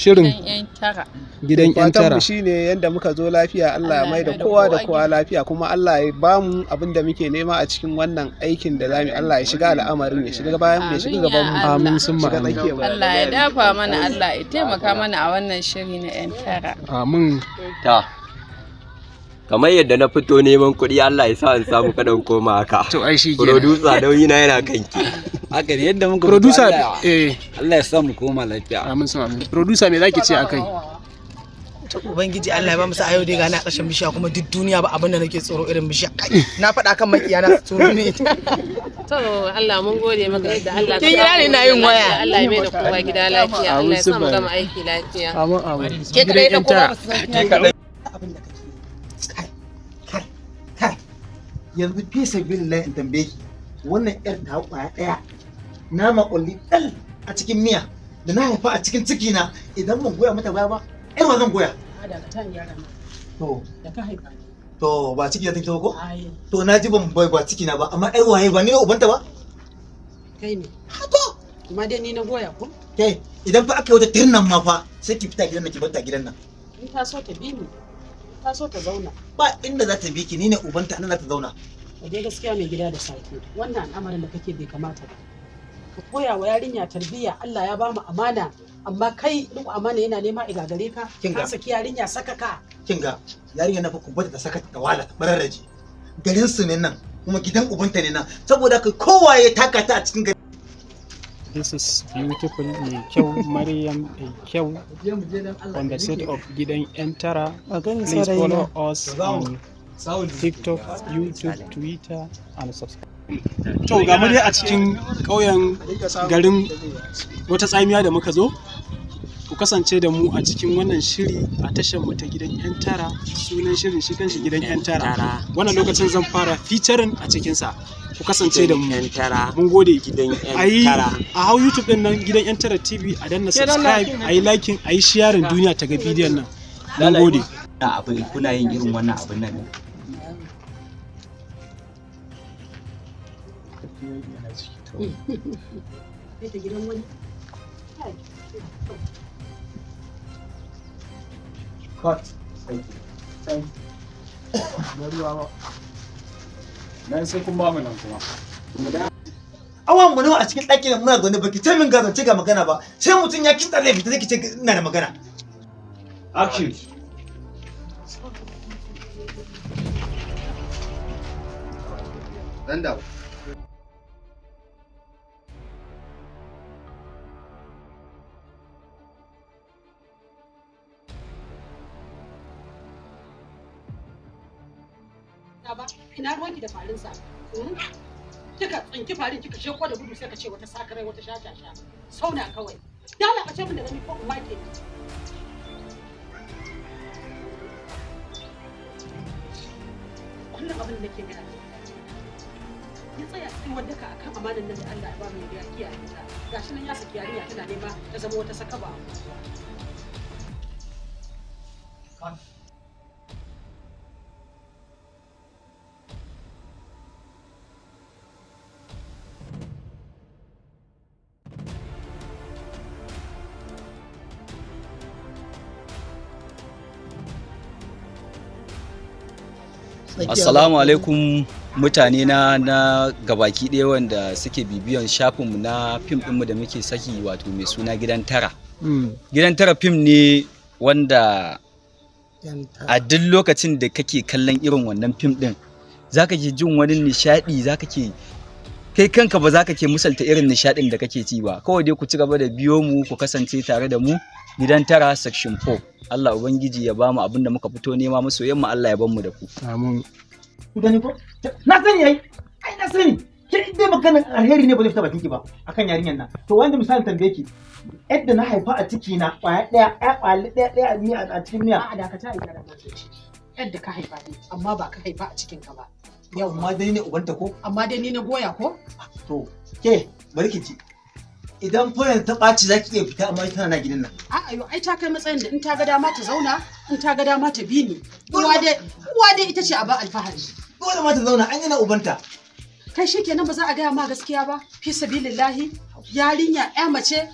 shirin gidan yan tara shi ne yadda muka zo lafiya Allah ya mai da kowa da kowa lafiya kuma Allah ya ba mu abin da muke nema a cikin wannan aikin da zamu Allah ya shiga al'amarin ya shiga bayan ya shiga gaban mu amin sun ma Allah ya dafa mana Allah ya taimaka mana a wannan shiri na yan tara amin ta kamar yadda na fito neman kuɗi Allah ya sa in samu kadan koma haka to ai shi ke producer nauyi na yana kan kanki haka ne yadda muka producer eh Allah ya sa mu koma lafiya amin sa amin producer me zaki ce akai to ubangiji Allah ya ba mu sa ayo dai gana a ƙarshen bishiya kuma duk duniya ba abin da nake tsoro irin bishiya kai na faɗa kan makiya na tsoro ne to Allah mun gode maka da Allah kin yi ne na yin waya Allah ya mai da kowa gida lafiya Allah ya sa mu gama aiki lafiya amin amin ke kai da kowa ke kai san abin da yanzu fi sabilillahi in tambaye ki wannan yar ta kwaya daya na makulli dal a cikin miya da na haifa a cikin ciki na idan ban goya mata baya ba yar ba zan goya to da ka haifa to ba ciki ya tinki ko to na ji ban bai ba ciki na ba amma yar waye ba ni ne ubanta ba kai ne ha to kuma dai ni na goya ko kai idan fa aka yi wata tirnan ma fa sai ki fita gidan nan ki bar ta gidan nan in ta so ta bi ni ta so ta zauna ba inda za ta bi ki ni ne ubanta nan za ta zauna A je gaskiya mai gida da safe. wannan al'amarin da kake bai kamata ba ka koya wa yarinya tarbiyya Allah ya bamu amana amma kai duk amana yana nema iga gare ka ka saki yarinya saka ka Kin ga. yarinya na fa ku ta saka ta wala ta bararraje garin su ne nan kuma gidan ubanta ne nan saboda kowa ya taka ta a cikin gari this is beautiful mai kyau maryam mai kyau on the set of gidan entara tara please follow us on tiktok youtube twitter and subscribe to ga dai a cikin ƙauyen garin wata tsamiya da muka zo ku kasance da mu a cikin wannan shiri a tashar mu ta gidan yan tara sunan shirin shi kanshi gidan yan tara wannan lokacin zan fara featuring a cikin sa ku kasance da mu yan tara mun gode gidan yan tara a hau youtube din nan gidan yan tara tv a danna subscribe ayi liking ayi sharing duniya ta ga bidiyon nan mun gode da abin kuna yin irin wannan abin nan yana ciki ta wani. gidan wani? cut sauki mu nawa a cikin ɗakin muna zaune ki ce min gazance ga magana ba sai mutum ya kinta zai fita zai ce ina da magana action dan dawo haka ba ina ruwanki da farin sa hmm? kika tsinki farin kika shekwa da gudu sai ka ce wata sakarai wata shashasha sauna kawai dala ka ce min da gani ko kuma ke kullum abin da ya tsaya cikin ka akan amanan nan da Allah ya ba mu ya kiyaye ta gashi nan ya saki yarinya tana nema ta zama wata sakaba assalamu alaikum mutane na na gabaki ɗaya wanda suke bibiyan shafinmu na fim ɗinmu da muke saki wato mai suna gidan tara hmm. gidan tara fim ne wanda a duk lokacin da kake kallon irin wannan fim ɗin za ka ke jin wani nishaɗi za ka ke kai kanka ba za ka ke musalta irin nishaɗin da kake ci ba kawai dai ku ci gaba da biyo mu ku kasance tare da mu gidan tara section 4 Allah ubangiji ya bamu abin da muka fito nema maso yamma Allah ya ban mu da ku amin ku gani ko na sani ai ai na sani ke dai maganin alheri ne ba zai fita bakin ki ba akan yarinyar nan to wanda misalin tambaye ki yadda na haifa a ciki na kwaya daya a kwali daya daya a cikin miya a ka a gara yadda ka haifa ne amma ba ka haifa a cikin ka ba yau ma dai ne ubanta ko amma dai ni na goya ko to ke bari ki ci idan furen ta ɓaci za ki iya fita amma ita na gidan nan. A'a yau, ai ta kai matsayin da in ta ga dama ta zauna in ta ga dama ta bi ni. Uwa dai uwa dai ita ce a ba alfahari. Dole ma ta zauna an yana ubanta. Kai kenan ba za a gaya ma gaskiya ba fi sabilillahi yarinya ya mace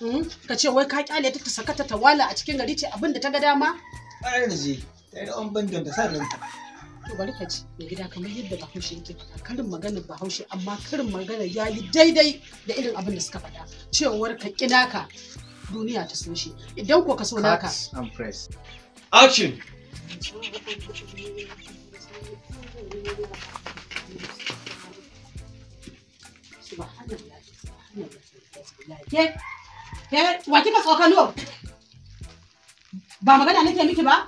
hmm, ka ce wai ka kyale ta ta sakata ta wala a cikin gari ce abin da ta ga dama. Ai na je ta yi da ban don ta sa nan ta. to bari ka ci in gida kamar yadda bahaushe yake faɗa karin maganar bahaushe amma karin magana ya yi daidai da irin abin da suka faɗa cewar ka ka duniya ta so shi idan ko ka so naka action ke ke wa kika tsokano ba magana nake miki ba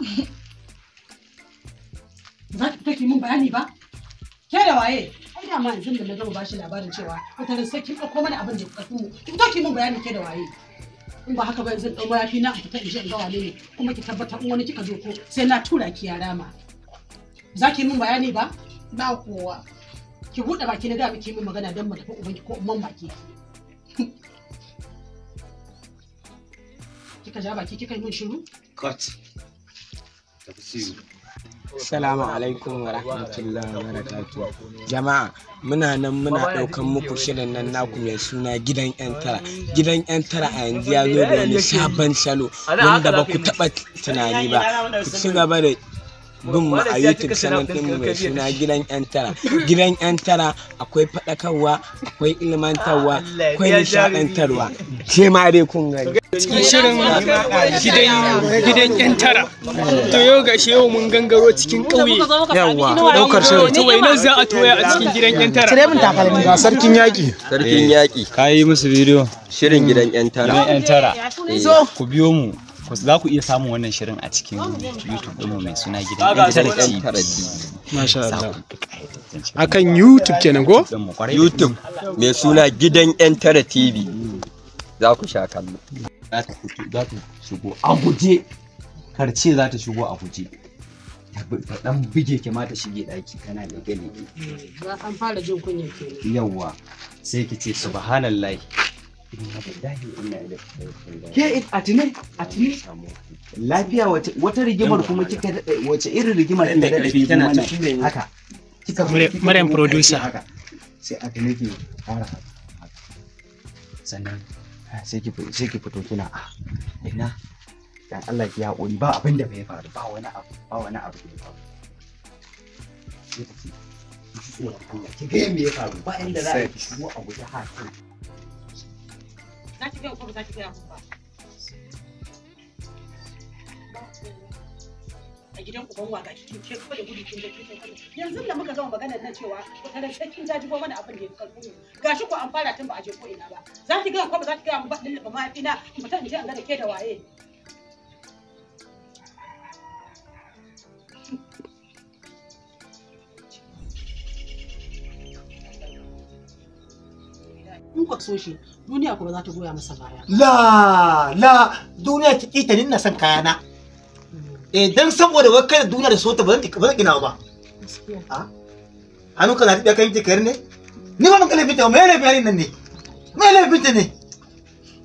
Za ki fita ki bayani ba? Ke da waye? Ai da ma yanzu da na gama bashi labarin cewa wata ran sai kin ɗauko mana abin da kuka mu. Ki fito ki bayani ke da waye? In ba haka ba yanzu ɗau mayafi na fita in je in ga wane ne kuma ki tabbatar in wani kika zo ko sai na tura ki ya rama. Za ki mun bayani ba? Ba kowa. Ki buɗe baki na da miki min magana don mu tafi ubanki ko umman baki. Kika ja baki kika yi min shiru? Cut. Tafi siyu. Assalamu alaikum wa rahmatullahi wa barakatu. Jama'a muna nan muna ɗaukan muku shirin nan naku mai suna gidan 'yan tara. Gidan 'yan tara a yanzu ya zo da wani sabon salo wanda ba ku taɓa tunani ba. Ku ci gaba da bin mu a YouTube channel din mu mai suna gidan yan tara. Gidan yan tara akwai faɗakarwa, akwai ilmantarwa, akwai nishaɗantarwa. Ke ma dai kun gani. shirin gidan yan tara to yau ga shi yau mun gangaro cikin ƙauye yawa daukar shirin to wai nan za a toya a cikin gidan yan tara tare mun takalmi ga sarkin yaki sarkin yaki eh, kai musu bidiyo shirin gidan yan tara gidan yan tara eh. ku biyo mu za ku iya samun wannan shirin a cikin YouTube ɗinmu mai suna gidan Masha Allah. Akan YouTube kenan ko? YouTube mai suna gidan yan tara TV. Za ku sha kallo. za ta shigo a guje karce za ta shigo a guje ta dan bige ki ta shige daki kana da gani za an fara jin kunya ke yawa sai ce subhanallahi ke it atine atine lafiya wace wata rigimar kuma kika wace irin rigimar kika da karfi tana ta shine haka kika Maryam producer haka sai atine fara sannan sai ki fito kina a ah, ina dan Allah ki haƙuri ba abin da bai faru ba wani abu ba wani abu da ya faru ki ga me ya faru ba inda za a shigo a guji haka za ki ga ko ba za ki ga ba a gidan uban waga cikin ke kuma da gudu kin je kin kai yanzu da muka gama maganar nan cewa kada sai kin jajibo mana abin da ya karbu mu gashi ko an fara tun ba a je ko ina ba za ki ga ko ba za ki ga mu ba dillaba mahaifina mutum in je an ga da ke da waye in ku so shi duniya kuma za ta goya masa baya la la duniya ki kita ni na san kayana eh dan saboda wai kai da duniya da sota ba zan gina ba hannu ka zaɓi kan jikar ne ni ba maka laifin ta mai laifin yarin nan ne mai laifin ta ne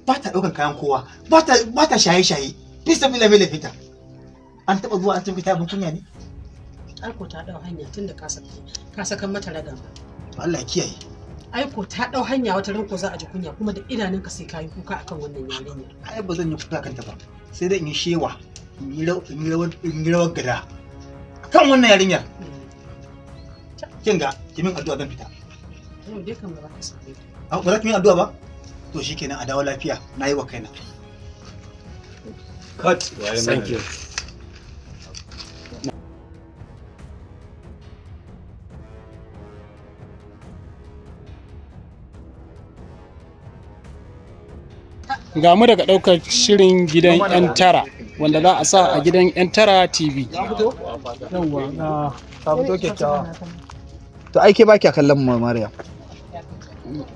ba ta ɗaukan kayan kowa ba ta shaye shaye bisa bila mai laifin ta an taba zuwa an tafi ta abin kunya ne aiko ta ɗau hanya tun da ka saka mata raga Allah kiyaye aiko ta ɗau hanya wata ranko za a ji kunya kuma da idanunka sai ka yi kuka akan wannan yarinya ai ba zan yi kuka kanta ba sai dai in yi shewa in yi rawar gada kan wannan yarinyar kin ga kimin addu'a zan fita ba za ki yi addu'a ba to shikenan a dawo lafiya na yi wa kaina cut thank you ga mu daga ɗaukar shirin gidan 'yan tara wanda za a sa a gidan 'yan tara tv to aike ba kya kallon mu mariya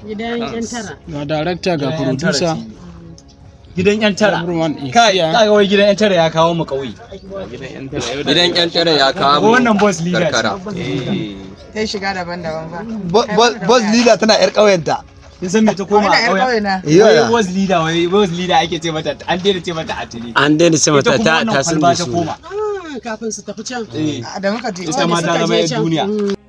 gidan 'yan tara ga darakta ga producer gidan 'yan tara kai kaga wai gidan 'yan tara ya kawo mu kauye gidan 'yan tara ya kawo mu wannan boss leader ta shiga daban-daban ba boss leader tana 'yar ƙauyenta in san me ta koma a ƙauya wai was leader wai was leader ake ce mata an daina ce mata atini an daina ce mata ta ta sun su ah, kafin su tafi can eh. ah, da muka je ita ma ta zama duniya mm.